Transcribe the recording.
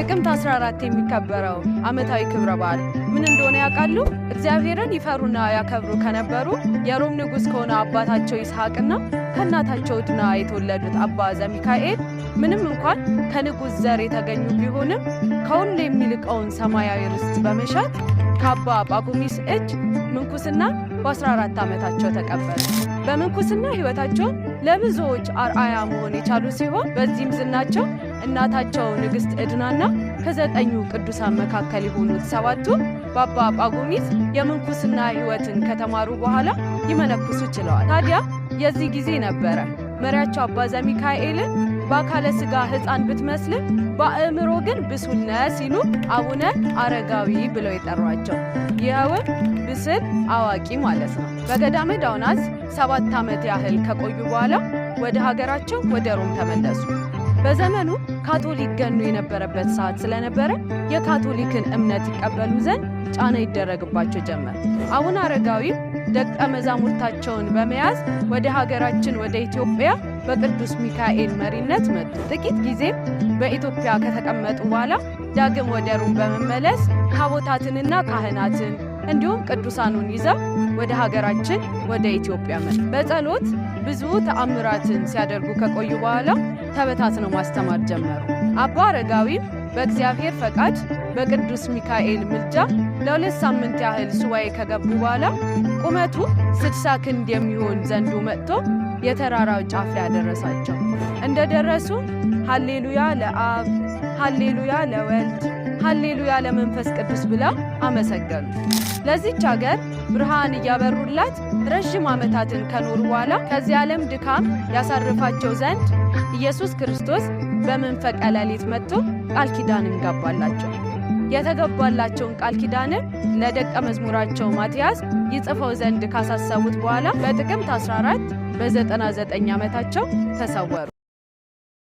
ጥቅምት 14 የሚከበረው ዓመታዊ ክብረ በዓል ምን እንደሆነ ያውቃሉ? እግዚአብሔርን ይፈሩና ያከብሩ ከነበሩ የሮም ንጉሥ ከሆነ አባታቸው ይስሐቅና ከእናታቸው ድና የተወለዱት አባ ዘሚካኤል ምንም እንኳን ከንጉሥ ዘር የተገኙ ቢሆንም ከሁሉ የሚልቀውን ሰማያዊ ርስት በመሻት ከአባ ጳቁሚስ እጅ ምንኩስና በ14 ዓመታቸው ተቀበሉ። በምንኩስና ሕይወታቸውን ለብዙዎች አርአያ መሆን የቻሉ ሲሆን በዚህም ዝናቸው እናታቸው ንግሥት ዕድናና ከዘጠኙ ቅዱሳን መካከል የሆኑት ሰባቱ በአባ ጳጉሚት የምንኩስና ሕይወትን ከተማሩ በኋላ ይመነኩሱ ችለዋል። ታዲያ የዚህ ጊዜ ነበረ መሪያቸው አባ ዘሚካኤልን በአካለ ሥጋ ሕፃን ብትመስልም በአእምሮ ግን ብሱነ ሲሉ አቡነ አረጋዊ ብለው የጠሯቸው። ይኸውን ብስል አዋቂ ማለት ነው። በገዳመ ዳውናት ሰባት ዓመት ያህል ከቆዩ በኋላ ወደ ሀገራቸው ወደ ሮም ተመለሱ። በዘመኑ ካቶሊክ ገኖ የነበረበት ሰዓት ስለነበረ የካቶሊክን እምነት ይቀበሉ ዘንድ ጫና ይደረግባቸው ጀመር። አቡነ አረጋዊ ደቀ መዛሙርታቸውን በመያዝ ወደ ሀገራችን ወደ ኢትዮጵያ በቅዱስ ሚካኤል መሪነት መጡ። ጥቂት ጊዜ በኢትዮጵያ ከተቀመጡ በኋላ ዳግም ወደ ሩም በመመለስ ታቦታትንና ካህናትን እንዲሁም ቅዱሳኑን ይዘው ወደ ሀገራችን ወደ ኢትዮጵያ መ በጸሎት ብዙ ተአምራትን ሲያደርጉ ከቆዩ በኋላ ተበታትነው ማስተማር ጀመሩ። አባ አረጋዊም በእግዚአብሔር ፈቃድ በቅዱስ ሚካኤል ምልጃ ለሁለት ሳምንት ያህል ሱባኤ ከገቡ በኋላ ቁመቱ ስድሳ ክንድ የሚሆን ዘንዱ መጥቶ የተራራው ጫፍ ላይ ያደረሳቸው። እንደደረሱ ሀሌሉያ ለአብ ሀሌሉያ ለወልድ ሃሌሉያ ለመንፈስ ቅዱስ ብለው አመሰገኑ። ለዚች አገር ብርሃን እያበሩላት ረዥም ዓመታትን ከኖሩ በኋላ ከዚህ ዓለም ድካም ያሳርፋቸው ዘንድ ኢየሱስ ክርስቶስ በመንፈቀ ሌሊት መጥቶ ቃል ኪዳንን ገባላቸው። የተገባላቸውን ቃል ኪዳንም ለደቀ መዝሙራቸው ማትያስ ይጽፈው ዘንድ ካሳሰቡት በኋላ በጥቅምት 14 በ99 ዓመታቸው ተሰወሩ።